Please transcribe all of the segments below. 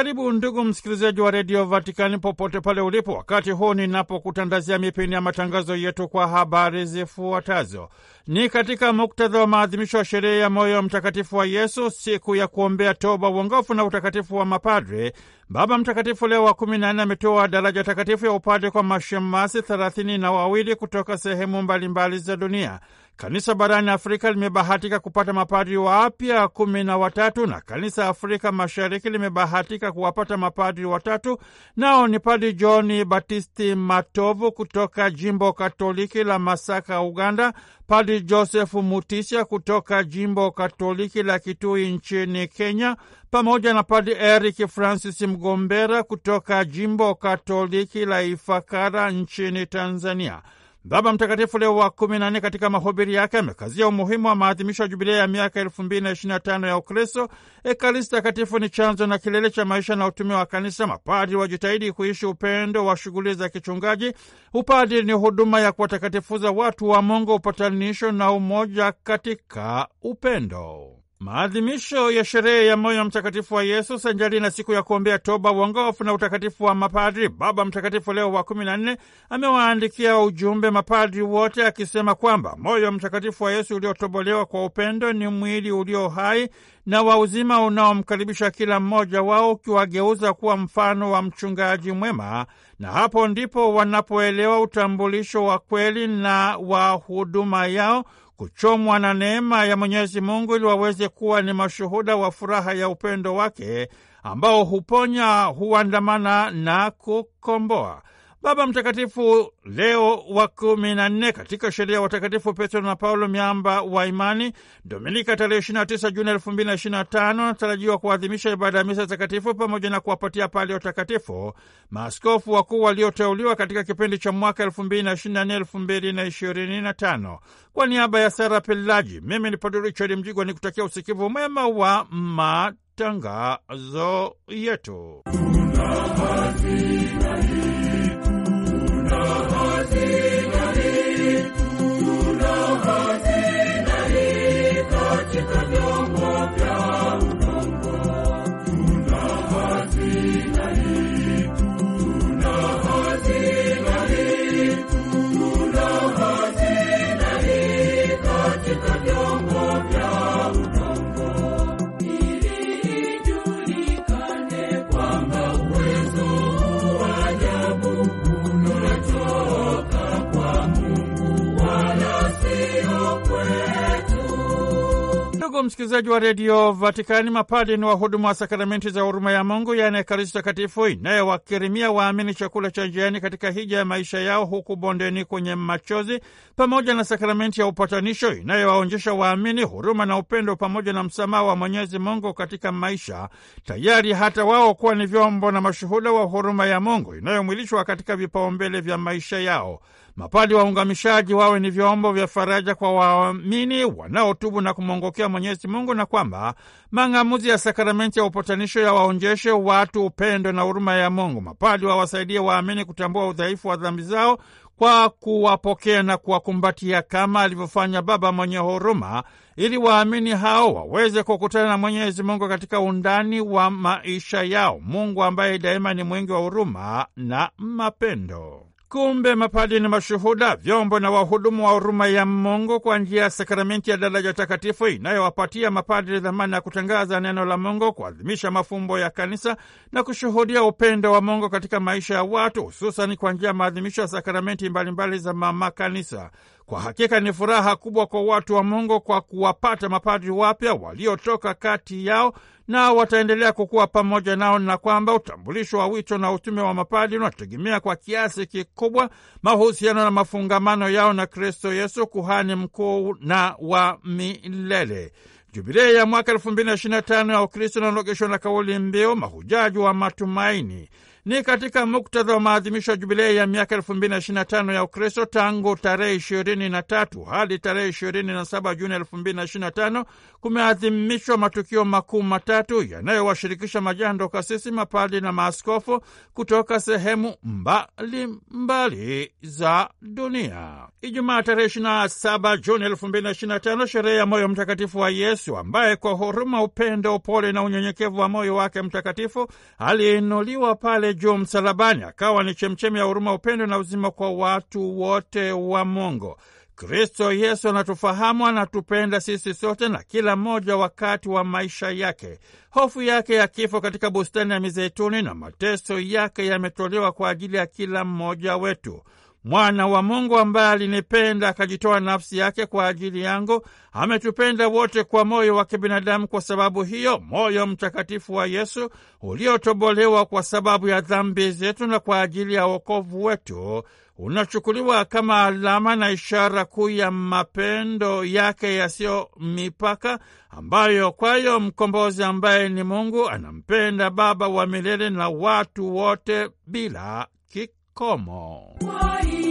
Karibu ndugu msikilizaji wa redio Vatikani popote pale ulipo, wakati huu ninapokutandazia mipindi ya matangazo yetu kwa habari zifuatazo. Ni katika muktadha wa maadhimisho ya sherehe ya moyo mtakatifu wa Yesu, siku ya kuombea toba, uongofu na utakatifu wa mapadre. Baba Mtakatifu Leo wa kumi na nne ametoa daraja takatifu ya upadre kwa mashemasi thelathini na wawili kutoka sehemu mbalimbali za dunia. Kanisa barani Afrika limebahatika kupata mapadri wapya kumi na watatu na kanisa Afrika Mashariki limebahatika kuwapata mapadri watatu, nao ni Padri John Batisti Matovu kutoka jimbo Katoliki la Masaka, Uganda, Padri Josefu Mutisya kutoka jimbo Katoliki la Kitui nchini Kenya, pamoja na Padri Eric Francis Mgombera kutoka jimbo Katoliki la Ifakara nchini Tanzania. Baba Mtakatifu Leo wa kumi na nne katika mahubiri yake amekazia umuhimu wa maadhimisho ya jubilia ya miaka elfu mbili na ishirini na tano ya Ukristo. Ekaristi Takatifu ni chanzo na kilele cha maisha na utumi wa Kanisa. Mapadri wajitahidi kuishi upendo wa shughuli za kichungaji. Upadri ni huduma ya kuwatakatifuza watu wa Mungu, upatanisho na umoja katika upendo. Maadhimisho ya sherehe ya moyo mtakatifu wa Yesu sanjari na siku ya kuombea toba, uongofu na utakatifu wa mapadri, Baba Mtakatifu Leo wa kumi na nne amewaandikia ujumbe mapadri wote akisema kwamba moyo mtakatifu wa Yesu uliotobolewa kwa upendo ni mwili ulio hai na wa uzima unaomkaribisha kila mmoja wao, ukiwageuza kuwa mfano wa mchungaji mwema, na hapo ndipo wanapoelewa utambulisho wa kweli na wa huduma yao kuchomwa na neema ya Mwenyezi Mungu ili waweze kuwa ni mashuhuda wa furaha ya upendo wake ambao huponya, huandamana na kukomboa. Baba Mtakatifu Leo wa kumi na nne katika sheria ya watakatifu Petro na Paulo miamba wa imani, Dominika tarehe tisa Juni tano anatarajiwa kuadhimisha ibada ya misa takatifu pamoja na kuwapatia pale utakatifu maaskofu wakuu walioteuliwa katika kipindi cha mwaka na tano Kwa niaba ya Sara Pelaji, mimi ni Padre Richard Mjigwa ni kutakia usikivu mwema wa matangazo yetu. wasikilizaji wa redio Vatikani, mapadi ni wahudumu wa sakramenti za huruma ya Mungu, yaani Ekaristi Takatifu, inayowakirimia waamini chakula cha njiani katika hija ya maisha yao huku bondeni kwenye machozi, pamoja na sakramenti ya upatanisho inayowaonyesha waamini huruma na upendo pamoja na msamaha wa Mwenyezi Mungu katika maisha, tayari hata wao kuwa ni vyombo na mashuhuda wa huruma ya Mungu inayomwilishwa katika vipaumbele vya maisha yao. Mapadi waungamishaji wawe ni vyombo vya faraja kwa waamini wanaotubu na kumwongokea Mwenyezi Mungu, na kwamba mang'amuzi ya sakramenti ya upatanisho yawaonjeshe watu upendo na huruma ya Mungu. Mapadi wawasaidie waamini kutambua udhaifu wa dhambi zao kwa kuwapokea na kuwakumbatia kama alivyofanya Baba mwenye huruma, ili waamini hao waweze kukutana na Mwenyezi Mungu katika undani wa maisha yao, Mungu ambaye daima ni mwingi wa huruma na mapendo. Kumbe mapadi ni mashuhuda, vyombo na wahudumu wa huruma ya Mungu kwa njia ya sakramenti ya daraja takatifu inayowapatia mapadri dhamana ya kutangaza neno la Mungu, kuadhimisha mafumbo ya kanisa na kushuhudia upendo wa Mungu katika maisha ya watu, hususani kwa njia ya maadhimisho ya sakramenti mbalimbali za mama kanisa. Kwa hakika ni furaha kubwa kwa watu wa Mungu kwa kuwapata mapadri wapya waliotoka kati yao, nao wataendelea kukuwa pamoja nao, na kwamba utambulisho wa wito na utume wa mapadri unategemea kwa kiasi kikubwa mahusiano na mafungamano yao na Kristo Yesu, kuhani mkuu na wa milele. Jubilei ya mwaka elfu mbili na na tano ya Ukristo inaonogeshwa na kauli mbiu mahujaji wa matumaini ni katika muktadha wa maadhimisho ya jubilei ya miaka elfu mbili na ishirini na tano ya Ukristo tangu tarehe ishirini na tatu hadi tarehe ishirini na saba Juni elfu mbili na ishirini na tano kumeadhimishwa matukio makuu matatu yanayowashirikisha majando, kasisi, mapadi na maaskofu kutoka sehemu mbalimbali mbali za dunia. Ijumaa tarehe ishirini na saba Juni elfu mbili na ishirini na tano sherehe ya moyo mtakatifu wa Yesu ambaye kwa huruma, upendo, upole na unyenyekevu wa moyo wake mtakatifu aliinuliwa pale juu msalabani, akawa ni chemchemi ya huruma, upendo na uzima kwa watu wote wa Mungu. Kristo Yesu anatufahamu, anatupenda sisi sote na kila mmoja wakati wa maisha yake. Hofu yake ya kifo katika bustani ya Mizeituni na mateso yake yametolewa kwa ajili ya kila mmoja wetu mwana wa Mungu ambaye alinipenda akajitoa nafsi yake kwa ajili yangu. Ametupenda wote kwa moyo wa kibinadamu. Kwa sababu hiyo, moyo mtakatifu wa Yesu uliotobolewa kwa sababu ya dhambi zetu na kwa ajili ya wokovu wetu unachukuliwa kama alama na ishara kuu ya mapendo yake yasiyo mipaka, ambayo kwayo mkombozi ambaye ni Mungu anampenda Baba wa milele na watu wote bila Come on.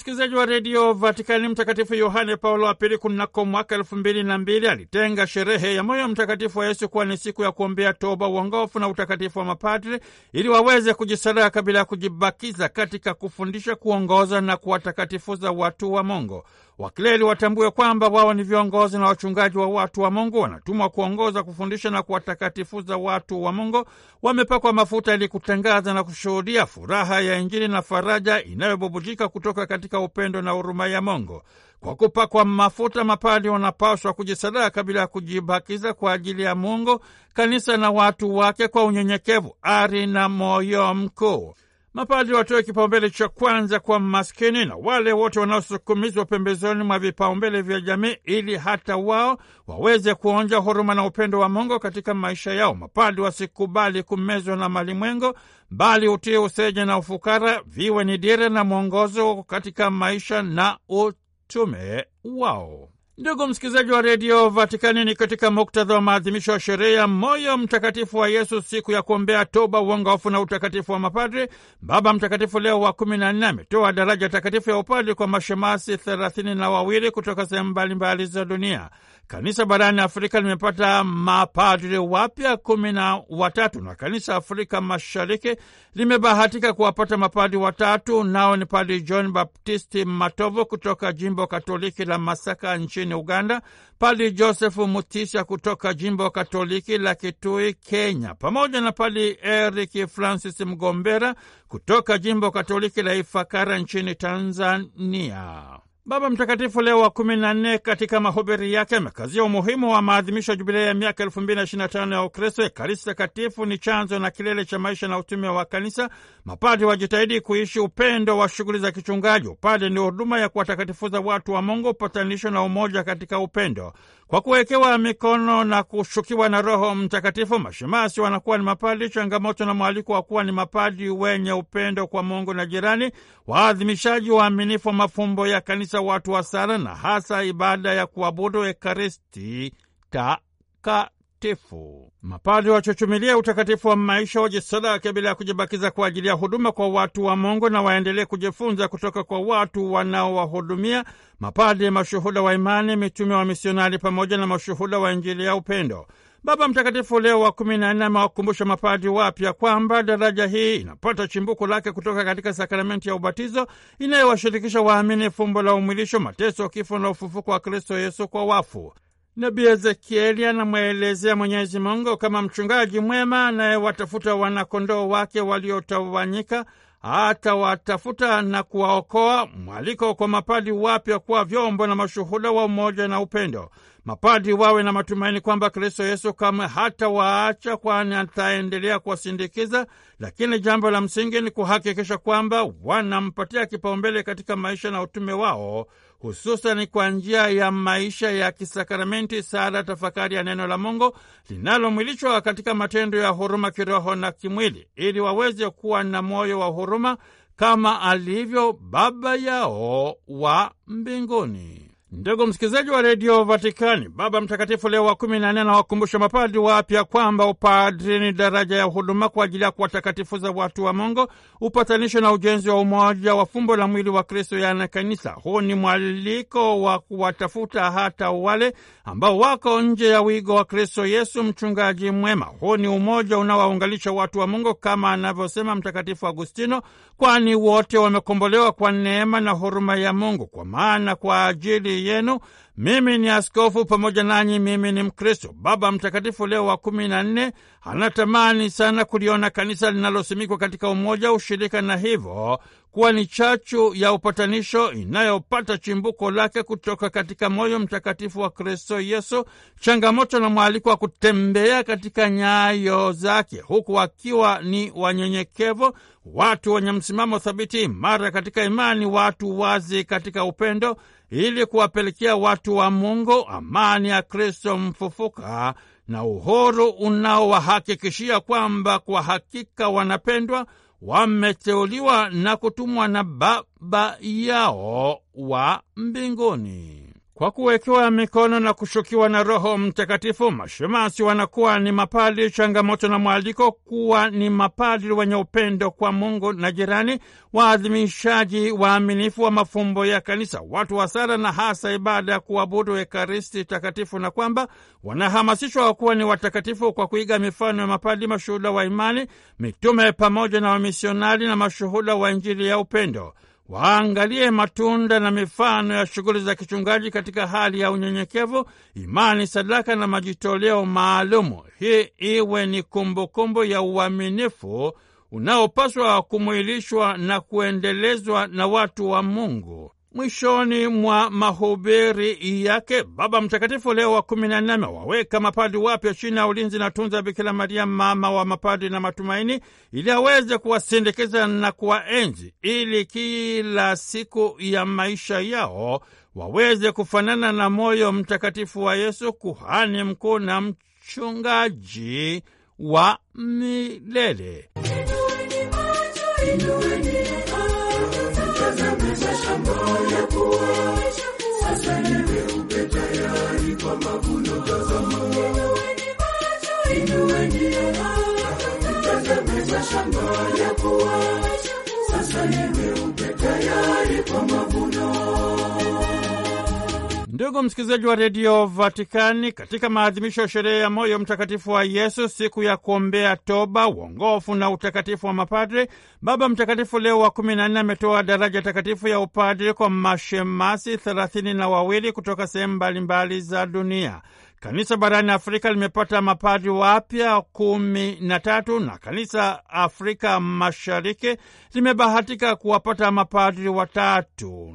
msikilizaji wa redio Vatikani, Mtakatifu Yohane Paulo wa Pili kunako mwaka elfu mbili na mbili alitenga sherehe ya moyo mtakatifu wa Yesu kuwa ni siku ya kuombea toba, uongofu na utakatifu wa mapadri ili waweze kujisadaka kabila ya kujibakiza katika kufundisha, kuongoza na kuwatakatifuza watu wa Mungu. Wakleri watambue kwamba wao ni viongozi na wachungaji wa watu wa Mungu, wanatumwa kuongoza, kufundisha na kuwatakatifuza watu wa Mungu. Wamepakwa mafuta ili kutangaza na kushuhudia furaha ya Injili na faraja inayobubujika kutoka katika upendo na huruma ya Mungu. Kwa kupakwa mafuta, mapali wanapaswa kujisadaka bila ya kujibakiza kwa ajili ya Mungu, kanisa na watu wake, kwa unyenyekevu, ari na moyo mkuu. Mapadri watoe kipaumbele cha kwanza kwa maskini na wale wote wanaosukumizwa pembezoni mwa vipaumbele vya jamii ili hata wao waweze kuonja huruma na upendo wa Mungu katika maisha yao. Mapadri wasikubali kumezwa na malimwengo, bali utii, useja na ufukara viwe ni dira na mwongozo katika maisha na utume wao. Ndugu msikilizaji wa redio Vatikani, ni katika muktadha wa maadhimisho ya sherehe ya moyo mtakatifu wa Yesu, siku ya kuombea toba, uongofu na utakatifu wa mapadri Baba Mtakatifu Leo wa kumi na nne ametoa daraja takatifu ya upadri kwa mashemasi thelathini na wawili kutoka sehemu mbalimbali za dunia. Kanisa barani Afrika limepata mapadri wapya kumi na watatu na kanisa Afrika Mashariki limebahatika kuwapata mapadri watatu, nao ni Padri John Baptisti Matovo kutoka jimbo Katoliki la Masaka nchini nchini Uganda, Padi Joseph Mutisha kutoka jimbo Katoliki la Kitui, Kenya, pamoja na Padi Eric Francis Mgombera kutoka jimbo Katoliki la Ifakara nchini Tanzania. Baba Mtakatifu Leo wa kumi na nne katika mahubiri yake amekazia umuhimu wa maadhimisho ya jubilei ya miaka elfu mbili na na tano ya Ukristo. Ekaristi Takatifu ni chanzo na kilele cha maisha na utume wa Kanisa. Mapadi wajitahidi kuishi upendo wa shughuli za kichungaji. Upadi ni huduma ya kuwatakatifuza watu wa Mungu, upatanisho na umoja katika upendo. Kwa kuwekewa mikono na kushukiwa na Roho Mtakatifu, mashemasi wanakuwa ni mapadi, changamoto na mwaliko wa kuwa ni mapadi wenye upendo kwa Mungu na jirani, waadhimishaji waaminifu wa mafumbo ya kanisa, watu wa sala na hasa ibada ya kuabudu Ekaristi Takatifu utakatifu. Mapadri wachuchumilie utakatifu wa maisha, wajisadake bila ya kujibakiza kwa ajili ya huduma kwa watu wa Mungu, na waendelee kujifunza kutoka kwa watu wanaowahudumia, mapadri, mashuhuda wa imani, mitume wa misionari, pamoja na mashuhuda wa Injili ya upendo. Baba Mtakatifu Leo wa kumi na nne amewakumbusha mapadri wapya kwamba daraja hii inapata chimbuko lake kutoka katika sakramenti ya ubatizo inayowashirikisha waamini fumbo la umwilisho, mateso, kifo na ufufuko wa Kristo Yesu kwa wafu. Nabii Ezekieli anamwelezea Mwenyezi Mungu kama mchungaji mwema anayewatafuta wanakondoo wake waliotawanyika, hata watafuta na kuwaokoa. Mwaliko kwa mapadi wapya kuwa vyombo na mashuhuda wa umoja na upendo mapadi wawe na matumaini kwamba Kristo Yesu kamwe hata waacha, kwani ataendelea kuwasindikiza. Lakini jambo la msingi ni kuhakikisha kwamba wanampatia kipaumbele katika maisha na utume wao, hususani kwa njia ya maisha ya kisakramenti, sala, tafakari ya neno la Mungu linalomwilishwa katika matendo ya huruma kiroho na kimwili, ili waweze kuwa na moyo wa huruma kama alivyo Baba yao wa mbinguni. Ndugu msikilizaji wa redio Vatikani, Baba Mtakatifu Leo wa kumi na nne anawakumbusha mapadri wapya kwamba upadri ni daraja ya huduma kwa ajili ya kuwatakatifuza watu wa Mungu, upatanisho na ujenzi wa umoja wa fumbo la mwili wa Kristo, yaani Kanisa. Huu ni mwaliko wa kuwatafuta hata wale ambao wako nje ya wigo wa Kristo Yesu, mchungaji mwema. Huu ni umoja unaowaunganisha watu wa Mungu kama anavyosema Mtakatifu Agustino, kwani wote wamekombolewa kwa neema na huruma ya Mungu, kwa maana kwa ajili yenu. Mimi ni askofu pamoja nanyi, mimi ni Mkristo. Baba Mtakatifu Leo wa kumi na nne anatamani sana kuliona kanisa linalosimikwa katika umoja, ushirika na hivyo kuwa ni chachu ya upatanisho inayopata chimbuko lake kutoka katika moyo mtakatifu wa Kristo Yesu, changamoto na mwaliko wa kutembea katika nyayo zake, huku akiwa ni wanyenyekevu, watu wenye msimamo thabiti imara katika imani, watu wazi katika upendo ili kuwapelekea watu wa Mungu amani ya Kristo mfufuka na uhuru unaowahakikishia kwamba kwa hakika wanapendwa, wameteuliwa na kutumwa na Baba yao wa mbinguni. Kwa kuwekewa mikono na kushukiwa na Roho Mtakatifu, mashemasi wanakuwa ni mapadri. Changamoto na mwaliko kuwa ni mapadri wenye upendo kwa Mungu na jirani, waadhimishaji waaminifu wa mafumbo ya Kanisa, watu wa sala na hasa ibada ya kuabudu Ekaristi Takatifu, na kwamba wanahamasishwa kuwa ni watakatifu kwa kuiga mifano ya mapadri, mashuhuda wa imani, mitume pamoja na wamisionari na mashuhuda wa Injili ya upendo waangalie matunda na mifano ya shughuli za kichungaji katika hali ya unyenyekevu, imani, sadaka na majitoleo maalumu. Hii iwe ni kumbukumbu kumbu ya uaminifu unaopaswa kumwilishwa na kuendelezwa na watu wa Mungu. Mwishoni mwa mahubiri yake Baba Mtakatifu Leo wa kumi na nne amewaweka mapadi wapya chini ya ulinzi na tunza Bikira Maria, mama wa mapadi na matumaini, ili aweze kuwasindikiza na kuwaenzi, ili kila siku ya maisha yao waweze kufanana na moyo mtakatifu wa Yesu, kuhani mkuu na mchungaji wa milele yanameza shamba ya sasa ni tayari kwa mavuno. tayari kwa mavuno. Ndugu msikilizaji wa redio Vatikani, katika maadhimisho ya sherehe ya moyo mtakatifu wa Yesu, siku ya kuombea toba, uongofu na utakatifu wa mapadre, Baba Mtakatifu Leo wa kumi na nne ametoa daraja takatifu ya upadre kwa mashemasi thelathini na wawili kutoka sehemu mbalimbali za dunia. Kanisa barani Afrika limepata mapadri wapya kumi na tatu na kanisa Afrika Mashariki limebahatika kuwapata mapadri watatu.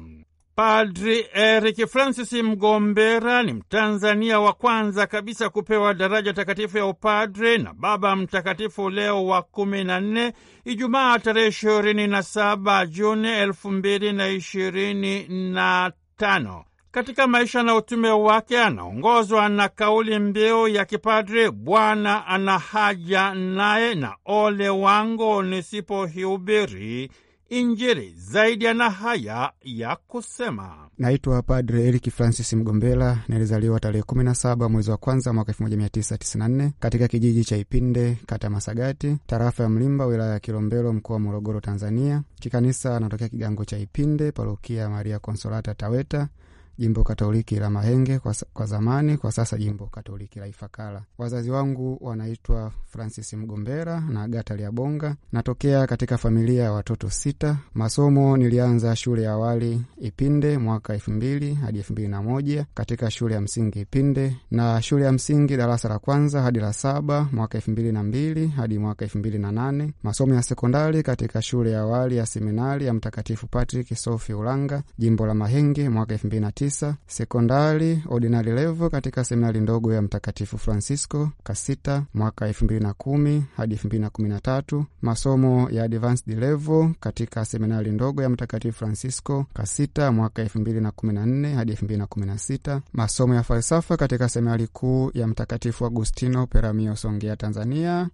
Padri Eric Francis Mgombera ni Mtanzania wa kwanza kabisa kupewa daraja takatifu ya upadre na Baba Mtakatifu Leo wa kumi na nne Ijumaa tarehe ishirini na saba Juni elfu mbili na ishirini na tano. Katika maisha na utume wake anaongozwa na kauli mbiu ya kipadre Bwana ana haja naye na ole wangu nisipohubiri Injili zaidi ana haya ya kusema. Naitwa Padre erik Francis Mgombela, nilizaliwa tarehe 17 mwezi wa kwanza mwaka 1994 katika kijiji cha Ipinde, kata Masagati, tarafa ya Mlimba, wilaya ya Kilombero, mkoa wa Morogoro, Tanzania. Kikanisa anatokea kigango cha Ipinde, parokia Maria Konsolata Taweta jimbo Katoliki la Mahenge kwa, kwa zamani, kwa sasa jimbo Katoliki la Ifakara. Wazazi wangu wanaitwa Francis Mgombera na Agata Liabonga. Natokea katika familia ya watoto sita. Masomo nilianza shule ya awali Ipinde mwaka elfu mbili hadi elfu mbili na moja katika shule ya msingi Ipinde na shule ya msingi darasa la kwanza hadi la saba mwaka elfu mbili na mbili hadi mwaka elfu mbili na nane Masomo ya sekondari katika shule ya awali ya seminari ya Mtakatifu Patrick Sofi Ulanga jimbo la Mahenge mwaka elfu mbili na tisa tisa sekondari ordinary level katika seminari ndogo ya Mtakatifu Francisco Kasita mwaka elfu mbili na kumi hadi elfu mbili na kumi na tatu masomo ya advanced level katika seminari ndogo ya Mtakatifu Francisco Kasita mwaka elfu mbili na kumi na nne hadi elfu mbili na kumi na sita masomo ya falsafa katika seminari kuu ya Mtakatifu Agustino Peramio Songea Tanzania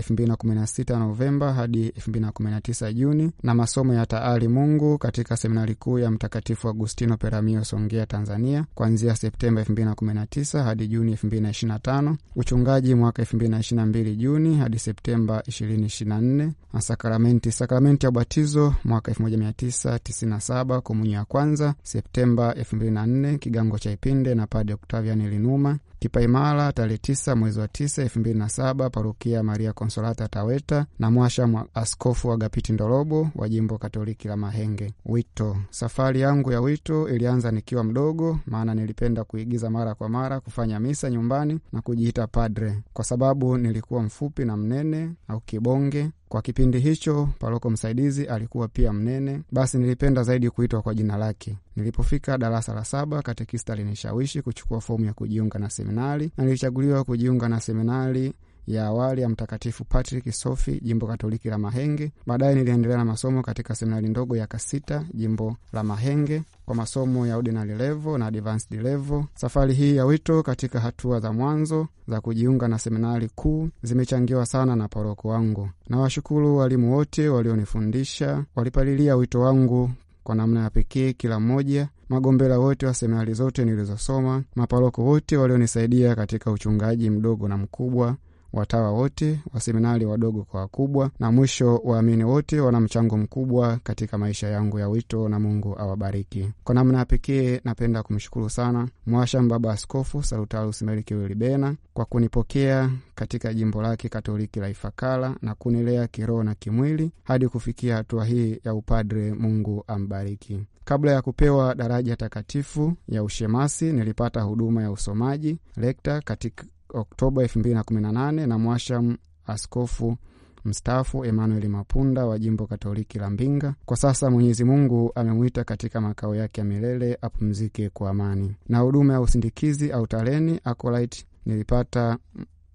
2016 Novemba hadi 2019 Juni, na masomo ya taali Mungu katika seminari kuu ya Mtakatifu Agustino Peramio, Songea, Tanzania, kuanzia Septemba 2019 hadi Juni 2025. Uchungaji mwaka 2022 Juni hadi Septemba 2024. Na sakramenti, sakramenti ya ubatizo mwaka 1997, komunyo ya kwanza Septemba 2004, kigango cha Ipinde na Padre Octavian Linuma. Kipaimara tarehe tisa mwezi wa tisa elfu mbili na saba parokia Maria Konsolata Taweta na mwasha mwa Askofu Agapiti ndorobo wa jimbo Katoliki la Mahenge. Wito. Safari yangu ya wito ilianza nikiwa mdogo, maana nilipenda kuigiza mara kwa mara, kufanya misa nyumbani na kujiita padre, kwa sababu nilikuwa mfupi na mnene au kibonge kwa kipindi hicho paroko msaidizi alikuwa pia mnene, basi nilipenda zaidi kuitwa kwa jina lake. Nilipofika darasa la saba, katekista alinishawishi kuchukua fomu ya kujiunga na seminari na nilichaguliwa kujiunga na seminari ya awali ya Mtakatifu Patrick Sofi, jimbo Katoliki la Mahenge. Baadaye niliendelea na masomo katika seminari ndogo ya Kasita, jimbo la Mahenge, kwa masomo ya ordinary level na advanced level. Safari hii ya wito katika hatua za mwanzo za kujiunga na seminari kuu zimechangiwa sana na paroko wangu. Nawashukuru walimu wote walionifundisha, walipalilia wito wangu kwa namna ya pekee, kila mmoja magombela wote wa seminari zote nilizosoma, maparoko wote walionisaidia katika uchungaji mdogo na mkubwa, watawa wote, waseminari wadogo kwa wakubwa, na mwisho waamini wote wana mchango mkubwa katika maisha yangu ya wito, na Mungu awabariki. Kwa namna ya pekee napenda kumshukuru sana Mwasham Baba Askofu Salutaris Wilibena kwa kunipokea katika jimbo lake Katoliki la Ifakara na kunilea kiroho na kimwili hadi kufikia hatua hii ya upadre. Mungu ambariki. Kabla ya kupewa daraja takatifu ya ushemasi nilipata huduma ya usomaji lekta katika Oktoba 2018 na Mwasham askofu mstaafu Emmanuel Mapunda wa jimbo Katoliki la Mbinga. Kwa sasa Mwenyezi Mungu amemwita katika makao yake ya milele apumzike kwa amani. Na huduma ya usindikizi au taleni Akolait nilipata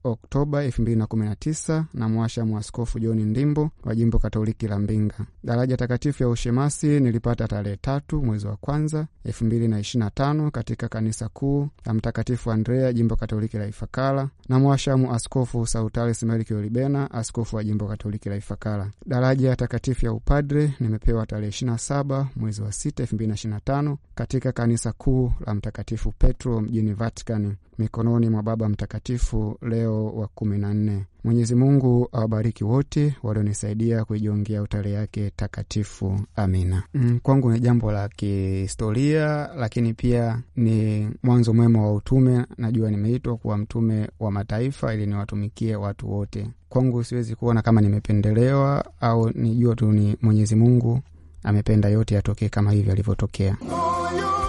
Oktoba 2019 na mwasha mwaskofu John Ndimbo wa jimbo Katoliki la Mbinga. Daraja takatifu ya ushemasi nilipata tarehe tatu mwezi wa kwanza 2025 katika kanisa kuu la Mtakatifu Andrea, jimbo Katoliki la Ifakara, na mwashamu Askofu sautales Melchior Olibena askofu wa jimbo Katoliki la Ifakara. Daraja ya takatifu ya upadre nimepewa tarehe 27 mwezi wa 6 2025 katika kanisa kuu la Mtakatifu Petro mjini Vatikani, mikononi mwa Baba Mtakatifu Leo wa kumi na nne. Mwenyezi Mungu awabariki wote walionisaidia kuijongea utare yake takatifu. Amina. Mm, kwangu ni jambo la kihistoria, lakini pia ni mwanzo mwema wa utume. Najua nimeitwa kuwa mtume wa mataifa ili niwatumikie watu wote. Kwangu siwezi kuona kama nimependelewa au nijua tu ni Mwenyezi Mungu amependa yote yatokee kama hivyo no.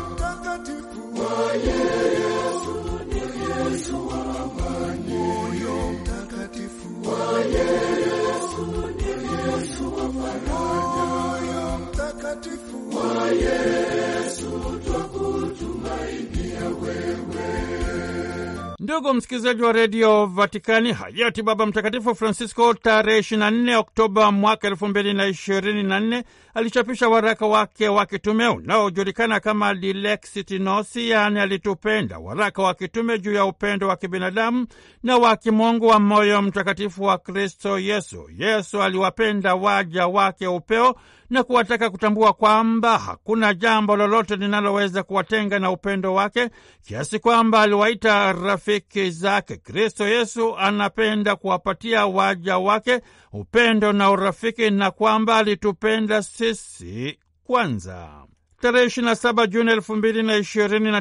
Ndugu msikilizaji wa redio Vatikani, hayati Baba Mtakatifu Francisco tarehe 24 Oktoba mwaka 2024 alichapisha waraka wake wa kitume unaojulikana kama Dilexit Nos, yaani alitupenda, waraka wa kitume juu ya upendo wa kibinadamu na wa kimungu wa moyo mtakatifu wa Kristo Yesu. Yesu aliwapenda waja wake upeo na kuwataka kutambua kwamba hakuna jambo lolote linaloweza kuwatenga na upendo wake, kiasi kwamba aliwaita rafiki zake. Kristo Yesu anapenda kuwapatia waja wake upendo na urafiki, na kwamba alitupenda sisi kwanza. Tarehe saba Juni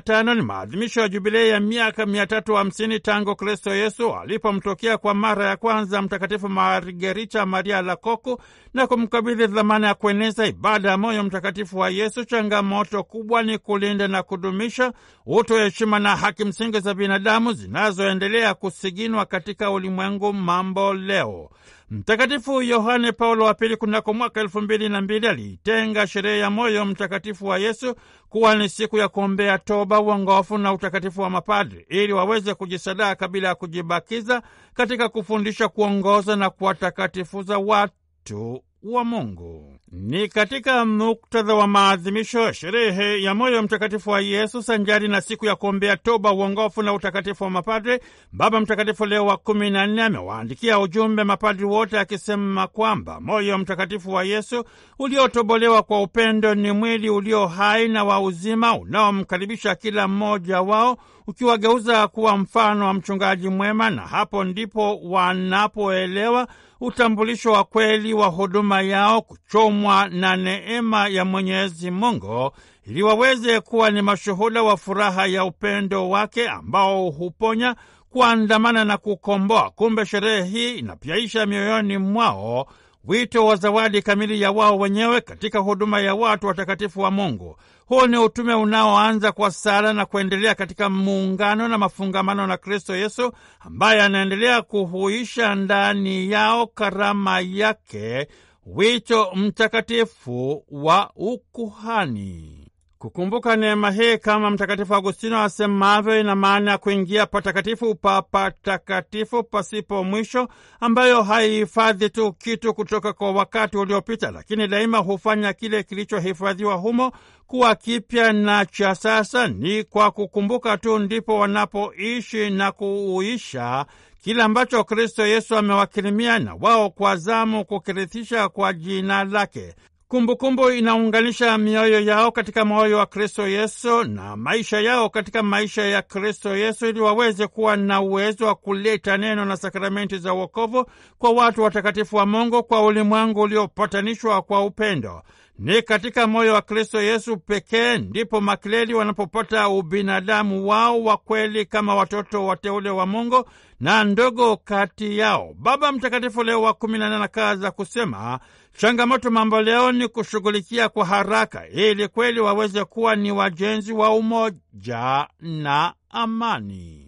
tano ni maadhimisho ya jubilei ya miaka 350 tangu Kristo Yesu alipomtokea kwa mara ya kwanza Mtakatifu Margerita Maria Lakoku na kumkabidhi dhamana ya kueneza ibada ya moyo mtakatifu wa Yesu. Changamoto kubwa ni kulinda na kudumisha utu, heshima na haki msingi za binadamu zinazoendelea kusiginwa katika ulimwengu mambo leo. Mtakatifu Yohane Paulo wa Pili kunako mwaka elfu mbili na mbili aliitenga sherehe ya moyo mtakatifu wa Yesu kuwa ni siku ya kuombea toba, uongofu na utakatifu wa mapadri ili waweze kujisadaka bila ya kujibakiza katika kufundisha, kuongoza na kuwatakatifuza watu wa Mungu. Ni katika muktadha wa maadhimisho ya sherehe ya moyo mtakatifu wa Yesu sanjari na siku ya kuombea toba, uongofu na utakatifu wa mapadri, Baba Mtakatifu Leo wa kumi na nne amewaandikia ujumbe mapadri wote akisema kwamba moyo mtakatifu wa Yesu uliotobolewa kwa upendo ni mwili ulio hai na wa uzima unaomkaribisha kila mmoja wao ukiwageuza kuwa mfano wa mchungaji mwema, na hapo ndipo wanapoelewa utambulisho wa kweli wa huduma yao, kuchomwa na neema ya Mwenyezi Mungu ili waweze kuwa ni mashuhuda wa furaha ya upendo wake ambao huponya, kuandamana na kukomboa. Kumbe sherehe hii inapyaisha mioyoni mwao wito wa zawadi kamili ya wao wenyewe katika huduma ya watu watakatifu wa Mungu. Huu ni utume unaoanza kwa sala na kuendelea katika muungano na mafungamano na Kristo Yesu ambaye anaendelea kuhuisha ndani yao karama yake, wito mtakatifu wa ukuhani. Kukumbuka neema hii kama Mtakatifu Agustino asemavyo, ina maana ya kuingia patakatifu pa patakatifu pasipo mwisho, ambayo haihifadhi tu kitu kutoka kwa wakati uliopita, lakini daima hufanya kile kilichohifadhiwa humo kuwa kipya na cha sasa. Ni kwa kukumbuka tu ndipo wanapoishi na kuuisha kile ambacho Kristo Yesu amewakirimia, na wao kwa zamu kukirithisha kwa jina lake. Kumbukumbu inaunganisha mioyo yao katika moyo wa Kristo Yesu na maisha yao katika maisha ya Kristo Yesu ili waweze kuwa na uwezo wa kuleta neno na sakramenti za wokovu kwa watu watakatifu wa Mungu kwa ulimwengu uliopatanishwa kwa upendo. Ni katika moyo wa Kristo Yesu pekee ndipo makleli wanapopata ubinadamu wao wa kweli kama watoto wateule wa Mungu na ndogo kati yao. Baba Mtakatifu Leo wa kumi na nane kaza kusema changamoto mambo leo ni kushughulikia kwa haraka, ili kweli waweze kuwa ni wajenzi wa umoja na amani.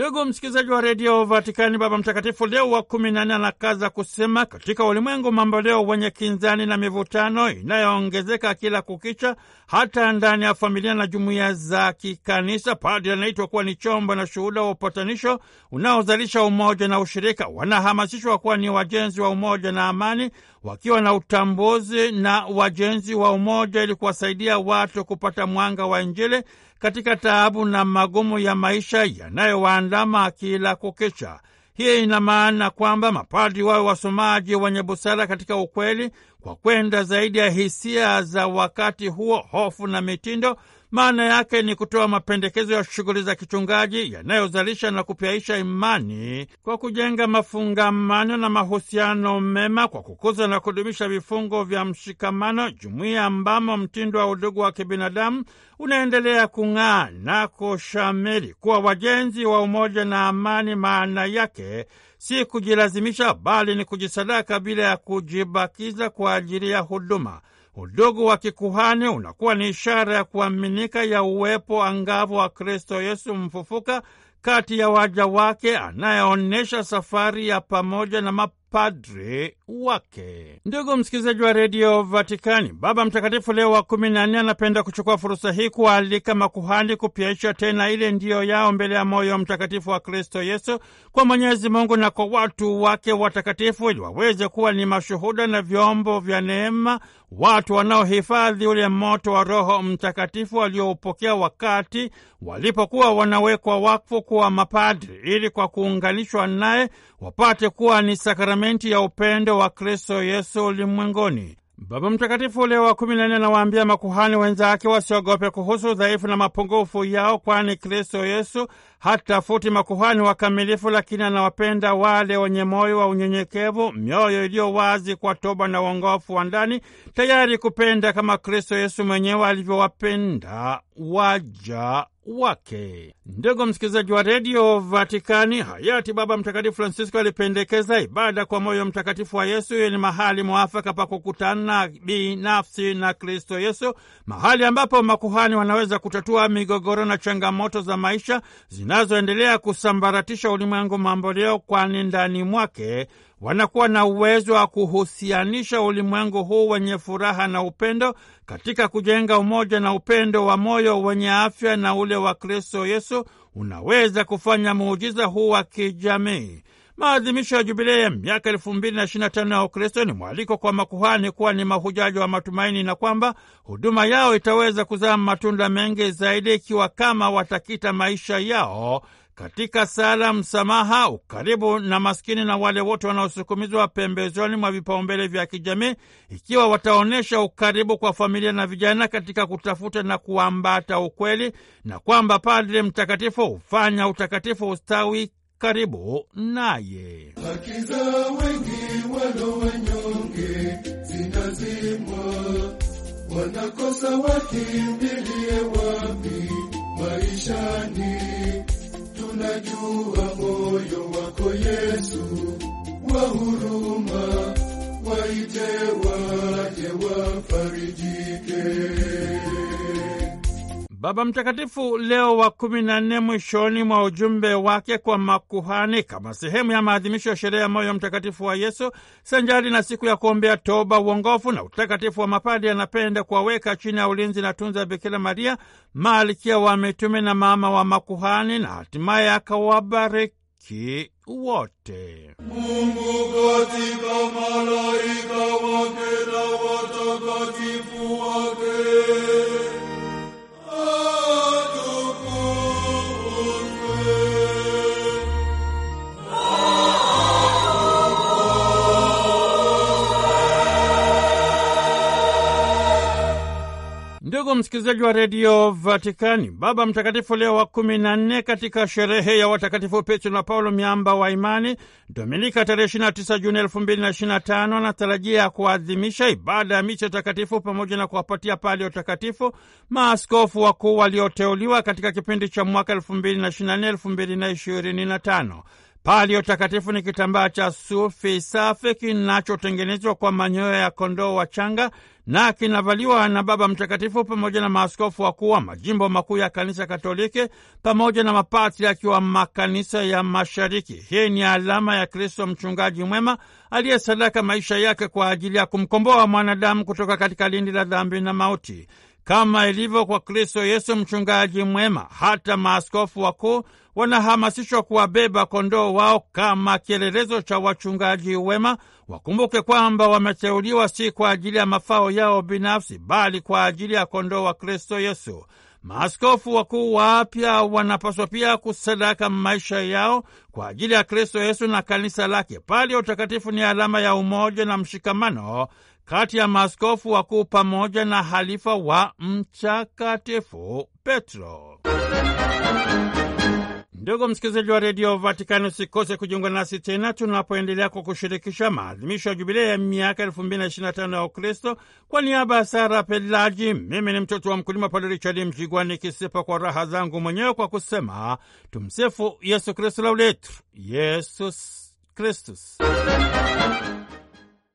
Ndugu msikilizaji wa redio Vatikani, Baba Mtakatifu Leo wa kumi na nne anakaza kusema, katika ulimwengu mamboleo wenye kinzani na mivutano inayoongezeka kila kukicha, hata ndani ya familia na jumuiya za kikanisa, padre anaitwa kuwa ni chombo na shuhuda wa upatanisho unaozalisha umoja na ushirika. Wanahamasishwa kuwa ni wajenzi wa umoja na amani, wakiwa na utambuzi na wajenzi wa umoja, ili kuwasaidia watu kupata mwanga wa Injili katika taabu na magumu ya maisha yanayowaandama kila kukicha. Hii ina maana kwamba mapadri wawe wasomaji wenye busara katika ukweli, kwa kwenda zaidi ya hisia za wakati huo, hofu na mitindo maana yake ni kutoa mapendekezo ya shughuli za kichungaji yanayozalisha na kupyaisha imani kwa kujenga mafungamano na mahusiano mema, kwa kukuza na kudumisha vifungo vya mshikamano, jumuiya ambamo mtindo wa udugu wa kibinadamu unaendelea kung'aa na kushamiri. Kuwa wajenzi wa umoja na amani, maana yake si kujilazimisha, bali ni kujisadaka bila ya kujibakiza kwa ajili ya huduma Udugu wa kikuhani unakuwa ni ishara ya kuaminika ya uwepo angavu wa Kristo Yesu mfufuka kati ya waja wake, anayeonyesha safari ya pamoja na map padri wake. Ndugu msikilizaji wa redio Vatikani, Baba Mtakatifu Leo wa kumi na nne anapenda kuchukua fursa hii kuwaalika makuhani kupyaisha tena ile ndiyo yao mbele ya moyo mtakatifu wa Kristo Yesu kwa Mwenyezi Mungu na kwa watu wake watakatifu, ili waweze kuwa ni mashuhuda na vyombo vya neema, watu wanaohifadhi ule moto wa Roho Mtakatifu walioupokea wakati walipokuwa wanawekwa wakfu kuwa mapadri, ili kwa kuunganishwa naye wapate kuwa ni sakramenti sakramenti ya upendo wa Kristo Yesu ulimwenguni. Baba Mtakatifu Leo wa kumi na nne anawaambia makuhani wenzake wasiogope kuhusu udhaifu na mapungufu yao, kwani Kristo Yesu hatafuti makuhani wakamilifu, lakini anawapenda wale wenye moyo wa unyenyekevu, mioyo iliyo wazi kwa toba na uongofu wa ndani, tayari kupenda kama Kristo Yesu mwenyewe alivyowapenda waja wake. Ndugu msikilizaji wa redio Vatikani, hayati Baba Mtakatifu Francisco alipendekeza ibada kwa moyo mtakatifu wa Yesu iwe ni mahali mwafaka pa kukutana binafsi na Kristo Yesu, mahali ambapo makuhani wanaweza kutatua migogoro na changamoto za maisha zinazoendelea kusambaratisha ulimwengu mambo leo, kwani ndani mwake wanakuwa na uwezo wa kuhusianisha ulimwengu huu wenye furaha na upendo katika kujenga umoja na upendo wa moyo wenye afya na ule wa Kristo Yesu unaweza kufanya muujiza huu wa kijamii. Maadhimisho ya jubilei ya miaka elfu mbili na ishirini na tano ya Ukristo ni mwaliko kwa makuhani kuwa ni mahujaji wa matumaini na kwamba huduma yao itaweza kuzaa matunda mengi zaidi ikiwa kama watakita maisha yao katika sala, msamaha, ukaribu na maskini na wale wote wanaosukumizwa pembezoni mwa vipaumbele vya kijamii, ikiwa wataonyesha ukaribu kwa familia na vijana katika kutafuta na kuambata ukweli, na kwamba Padre Mtakatifu hufanya utakatifu ustawi karibu naye. wengi wanyonge zinazimwa, wanakosa wakimbilie wapi maishani Tunajua moyo wako Yesu, wa huruma, waite waje wafarijike. Baba Mtakatifu Leo wa kumi na nne mwishoni mwa ujumbe wake kwa makuhani kama sehemu ya maadhimisho ya sherehe ya moyo mtakatifu wa Yesu sanjari na siku ya kuombea toba, uongofu na utakatifu wa mapadi, anapenda kuwaweka chini ya ulinzi na tunza Bikira Maria, malkia wa mitume na mama wa makuhani, na hatimaye akawabariki wote Mungu katika malaika wake Ndugu msikilizaji wa redio Vatikani, Baba Mtakatifu Leo wa kumi na nne katika sherehe ya watakatifu Petro na Paulo miamba wa imani, Dominika tarehe ishirini na tisa Juni elfu mbili na ishirini na tano anatarajia kuadhimisha ibada ya miche takatifu pamoja na kuwapatia pali ya utakatifu maaskofu wakuu walioteuliwa katika kipindi cha mwaka elfu mbili na ishirini na nne elfu mbili na ishirini na tano. Palio takatifu ni kitambaa cha sufi safi kinachotengenezwa kwa manyoya ya kondoo wa changa na kinavaliwa na Baba Mtakatifu pamoja na maaskofu wakuu wa majimbo makuu ya Kanisa Katoliki pamoja na mapatriaki wa makanisa ya Mashariki. Hii ni alama ya Kristo mchungaji mwema aliyesadaka maisha yake kwa ajili ya kumkomboa mwanadamu kutoka katika lindi la dhambi na mauti. Kama ilivyo kwa Kristo Yesu mchungaji mwema, hata maaskofu wakuu wanahamasishwa kuwabeba kondoo wao kama kielelezo cha wachungaji wema. Wakumbuke kwamba wameteuliwa si kwa ajili ya mafao yao binafsi, bali kwa ajili ya kondoo wa Kristo Yesu. Maaskofu wakuu wapya wanapaswa pia kusadaka maisha yao kwa ajili ya Kristo Yesu na kanisa lake. Pali ya utakatifu ni alama ya umoja na mshikamano kati ya maaskofu wakuu pamoja na halifa wa Mtakatifu Petro. Ndugu msikilizaji wa redio Vatikani, usikose kujiunga nasi tena tunapoendelea kwa kushirikisha maadhimisho ya jubilia ya miaka 225 ya Ukristo. Kwa niaba ya Sara Pelaji, mimi ni mtoto wa mkulima Padre Richard Mjigwa nikisepa kwa raha zangu mwenyewe kwa kusema tumsifu Yesu Kristu, lauletu Yesus Kristus.